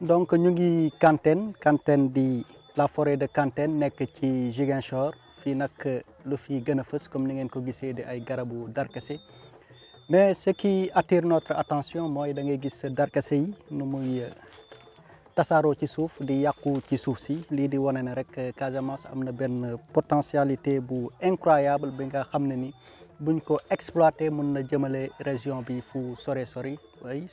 donc ñu ngi Kantène Kantène di la forêt de Kantène nekk ci Ziguinchor fii nag eh, lu fi gën a fës comme ni ngeen ko gisee di ay garabu darkase mais ce qui attire notre attention mooy da ngay gis darkase yi nu muy eh, tasaaroo ci suuf di yàqu ci suuf si lii di wane ne rek eh, Casamance am na benn potentialité bu incroyable bi nga xam ne ni buñ ko exploité mën na jëmale région bi fu sore sori oui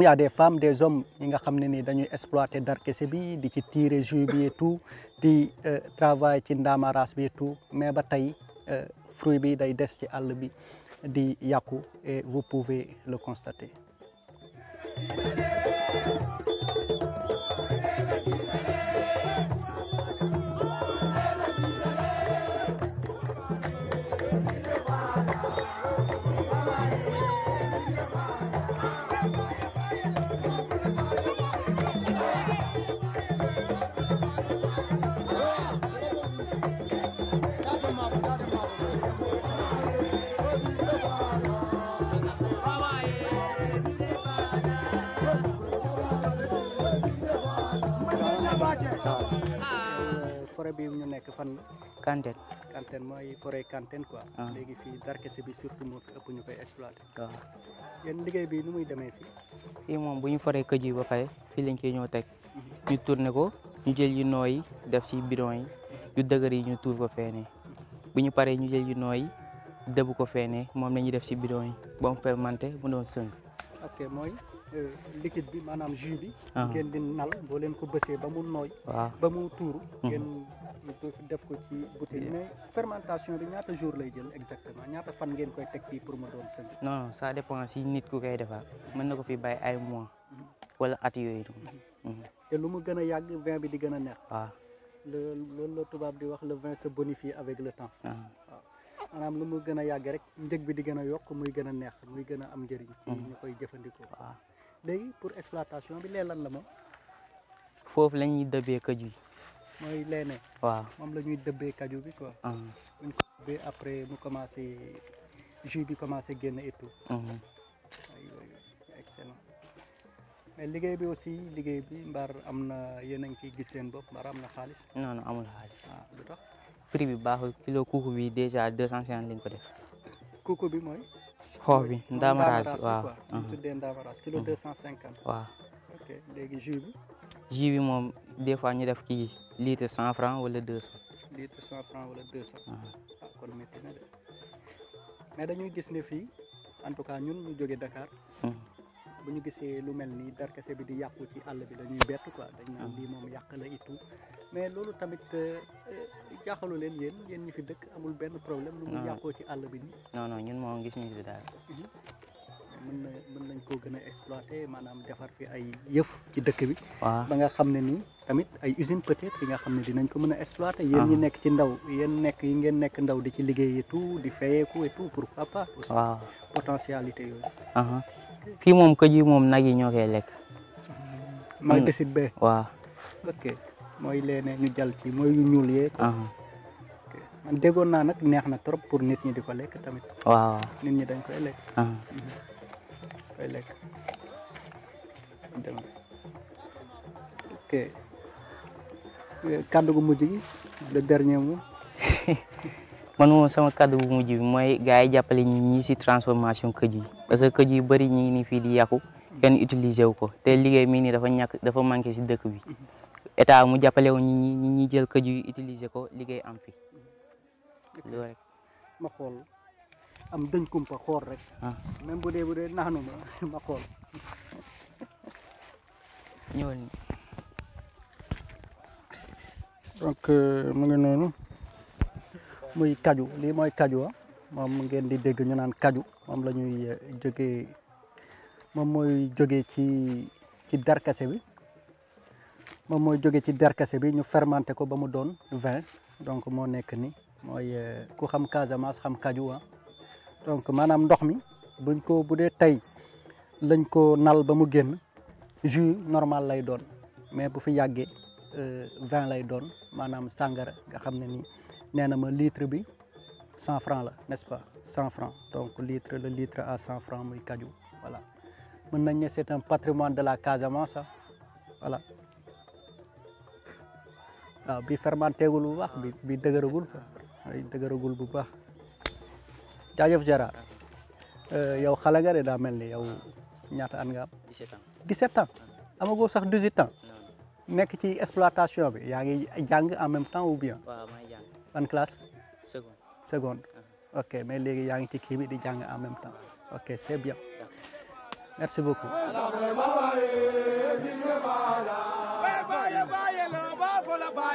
il y a des femmes des hommes ñi nga xam ne ni dañuy exploiter darkase bi di ci tirer jus bi et tout di euh, travail ci ndaamaraas bi et tout mais ba tey euh, fruit bi day des ci àll bi di yàqu et vous pouvez le constater Ah. Euh, forêt bi ñu nekk fan la. Kanteen. Kanteen mooy forêt Kanteen quoi. Ah. léegi fii darkase bi surtout moo fi ëpp ñu koy exploité. waaw ah. yéen liggéey bi nu muy demee fii. fii moom bu ñu foree këj yi ba pare fii lañ koy ñëw teg. Mhm. ñu tourné ko ñu jël yu nooy def si bidon yi yu dëgër yi ñu tuur ko feenee mhm. bu ñu paree ñu jël yu nooy dëbb ko feenee moom la ñuy def si bidon yi ba mu fermenté mu doon sëng. Euh, liquide bi maanaam jus bi. Ah. ngeen di nal boo leen ko bësee ba mu nooy. ba mu tuuru. Mhm. ngeen def ko ci bouteille mais fermentation bi ñaata jour lay jël exactement ñaata fan ngeen koy teg fii pour mu doon sëñ. non non ça dépend si nit ku koy defar mën na ko fi bàyyi ay mois. Mhm. wala at yooyu. Mhm. te lu mu gën a yàgg vin bi di gën a neex. waaw loolu la tubaab di wax la vingt se bonifie avec le temps. Ah. maanaam lu mu gën a yàgg rek njëg bi di gën a yokk muy gën a neex muy gën a am njëriñ. ci koy jëfandikoo. léegi pour exploitation bi lee lan la moom. foofu la ñuy dëbbee kaju yi. mooy leene waaw moom la ñuy dëbbee kaju bi quoi. Ah. ko dëbbee après mu commencé jus bi commencé génn et tout. Mhm. mais liggéey bi aussi liggéey bi mbar am na yéen a ngi ciy gis seen bopp mbar am na xaalis. non non amul xaalis. waaw ah, bi baaxul kilo kuku bi déjà deux cent cinquante lañ ko def. kuku bi mooy. xoox bi ndaamaraas waaw mhm. kilo mhm. deux cent cinquante waaw ok léegi jus bi bi moom des fois ñu def kii litre cent franc wala deux cent litre cent franc wala deux cent waaw ah. ah, métti na de mais dañuy gis ne fii en tout cas ñun ñu jóge Dakar mhm. bu ñu gisee lu mel nii darkase bi di yàqu ci àll bi dañuy bett quoi dañ naan lii moom yàq la itu mais loolu tamit euh, euh, jaaxalu leen yéen yéen ñi fi dëkk amul benn problème. lu mu yàqoo ci àll bi ñun moom gis ñu fi daal. Mhm. mën mën nañ koo gën a exploiter maanaam defar fi ay yëf ci dëkk bi. waaw ba nga xam ne nii tamit ay usine peut yi nga xam ne dinañ ko mën a exploiter. yéen ñi ah. nekk ci ndaw yéen nekk yi ngeen nekk ndaw di ci liggéey et di fayeeku et tout pourquoi pas. waaw potentialité yooyu. Uh-huh. fii moom këj yi moom nag yi ñoo koy lekk. mag desit bee mooy leene ñu jàll ci mooy yu ñuul yeeg. Ah. man déggoon naa nag neex na trop pour nit ñi di ko lekk tamit. waaw nit ñi dañ koy lekk. Ah. Mhm. koy gu mujj gi le dernier mot. man moom sama kàddu bu mujj bi mooy gars yi jàppale ñi ñii si transformation këju yi parce que këju yu bëri ñi ngi nii fii di yàqu kenn utiliser wu ko te liggéey mii nii dafa ñàkk dafa manqué si dëkk bi. Mhm. état mu jàppale wu ñi ñi ñi jël këju yi utiliser ko liggéey am fi ma xool am dëñ kumpa xool rek. Ah. même bu dee bu dee naanu ma ma xool. ñëwal nii. donc euh, mu noonu muy kaju lii mooy kaju ah moom ngeen di dëgg ñu naan kaju moom la ñuy eh, jógee moom mooy jógee ci ci darkase bi. moom mooy jóge ci derkase bi ñu fermenté ko ba mu doon vin donc moo nekk ni mooy eh, ku xam Casamance xam kaju ah donc maanaam ndox mi buñ ko bu dee tey lañ ko nal ba mu génn ju normal lay doon mais bu fi yàggee eh, vin lay doon maanaam sàngara nga xam ne ni nee na ma litre bi cent franc la n'est-ce pas cent franc donc litre le litre à cent franc muy kaju voilà mën nañ ne c'est patrimoine de la Casamance voilà waaw bi fermentéegul bu baax bi bi dëgëragul ay bu baax jaajëf Jara yow xale nga de daa mel ni yow ñaata at nga am. 17 ans 17 ans amagoo sax 18 nekk ci exploitation bi yaa ngi jàng en même temps ou bien. waaw maa ngi ok mais léegi yaa ngi ci kii bi di jàng en même temps ok se bien merci beaucoup.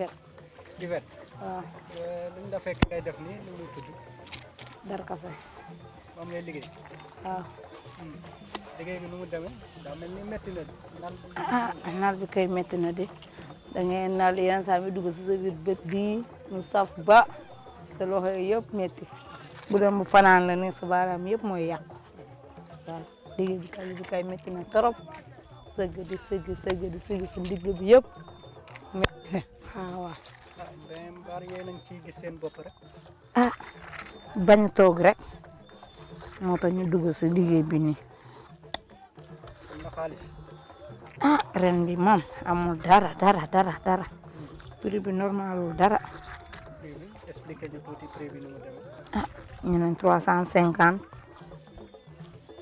Yvette. Yvette. waaw. Euh, li ñu la fekk ngay def nii lu muy tudd. darkase. moom ngay liggéey. waaw. Hmm. liggéey bi nu mu demee daa mel ni métti na de. ah, ah naal bi kay métti na de da ngay naal yenn saa mi dugg si sa biir bët bii mu saf ba te loxo yëpp métti bu doon bu fanaan la ne sa baaraam yëpp mooy yàqu waaw liggéey bi kay bi kay métti na trop sëgg di sëgg sëgg di sëgg si ndigg bi yëpp. mais ah waaw. gis seen bopp rek. toog rek moo tax ñu dugg si liggéey bi nii. am na xaalis. Ah, bi moom amul dara dara dara dara prix bi normalul dara. prix bi ah, trois cent cinquante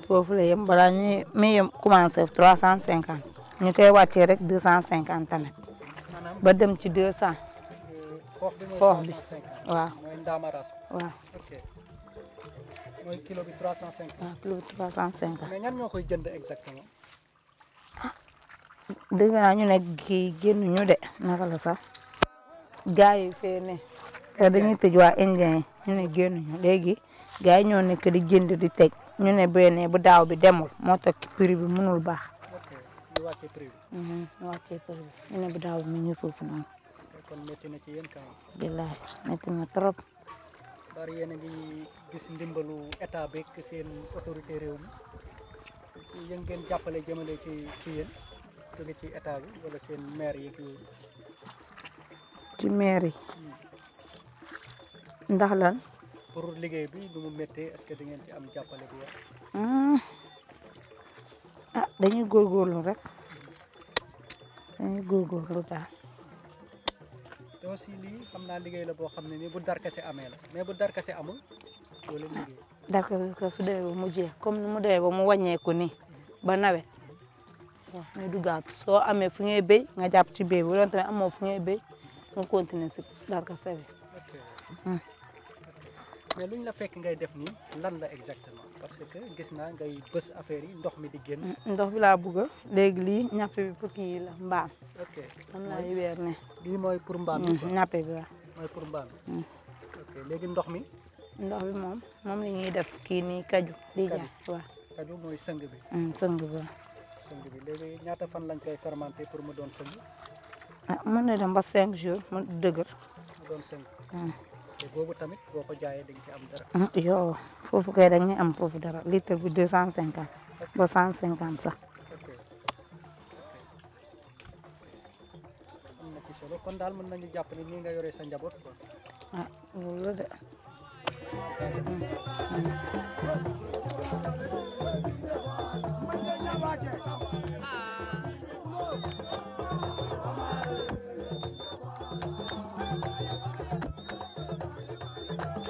foofu la yem balaa ñuy mi yem commencé trois cent cinquante ñu koy wàccee rek deux cent cinquante tamit. ba dem ci deux cent. xoox bi mooy trois cent cinquante waaw mooy ndaamaras. waaw ok mooy kilo bi trois cent cinquante. waaw kilo bi trois cent cinquante. mais ñan ñoo koy jënd exactement. ah dégg naa ñu ne kii génnuñu de naka la sax gars yi fee ne dañuy tëj waa indien yi ñu ne génnuñu léegi gars yi ñoo nekk di jënd di teg ñu ne bene bu daaw bi demul moo tax prix bi mënul baax. ñu wàccee prix bi. ñu mhm, wàccee prix daaw mi ngi foofu noonu. kon métti na ci yéen kanam. billaay métti na trop. bari yéen a ngi gis ndimbalu état beeg seen autorité réew mi yéen ngeen jàppale jëmale ci ci yéen jóge ci état bi wala seen maire yeeg yooyu. ci maire ndax lan. pour liggéey bi lu mu méttee est-ce que di ngeen ci am jàppale bu baax. dañuy góorgóorlu rek dañuy góorgóorlu daal. te aussi lii xam naa liggéey la boo xam ne nii bu darkase amee la mais bu darkase amul doo darkase su demee mu jee comme ni mu demee ba mu wàññeeku ni ba nawet ñu duggaat soo amee fu ngay béy nga jàpp ci béy bu doon tamit amoo fu ngay béy nga continuer si darkase bi. Hmm. luñ la fekk ngay def nii lan la exactement. parce que gis naa ngay bës affaire yi ndox mi di génn. Mm, ndox bi laa bëgg a. léegi lii ñappe bi pour kii la mbaam. ok am na ay weer ne. lii mooy pour mbaam bi mm, bi waaw. mooy pour mbaam mm. léegi ndox mi. ndox bi moom moom la ñuy def kii nii kaju. di jaay kaju mooy sëng bi. sëng bi waaw. sëng bi léegi ñaata fan lañ koy fermenté pour mu doon sëng. ah mën na dem ba cinq jours mu dëgër. te boobu tamit boo ko jaayee dañ ci am dara. ah yoo foofu kay dañuy am foofu dara litre bi deux cent cinquante ba cent cinquante solo kon daal mën nañu jàpp ne nii nga yore sa njaboot quoi. Ah,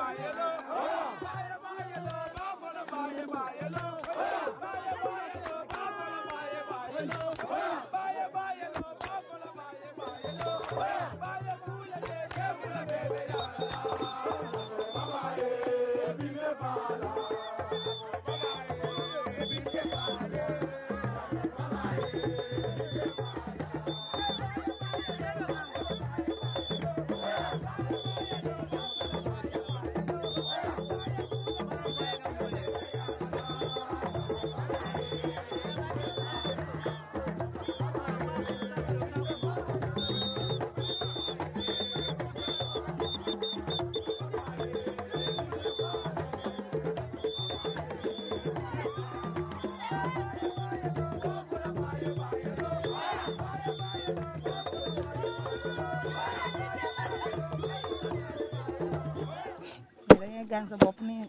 Hello. gan sa bopp ni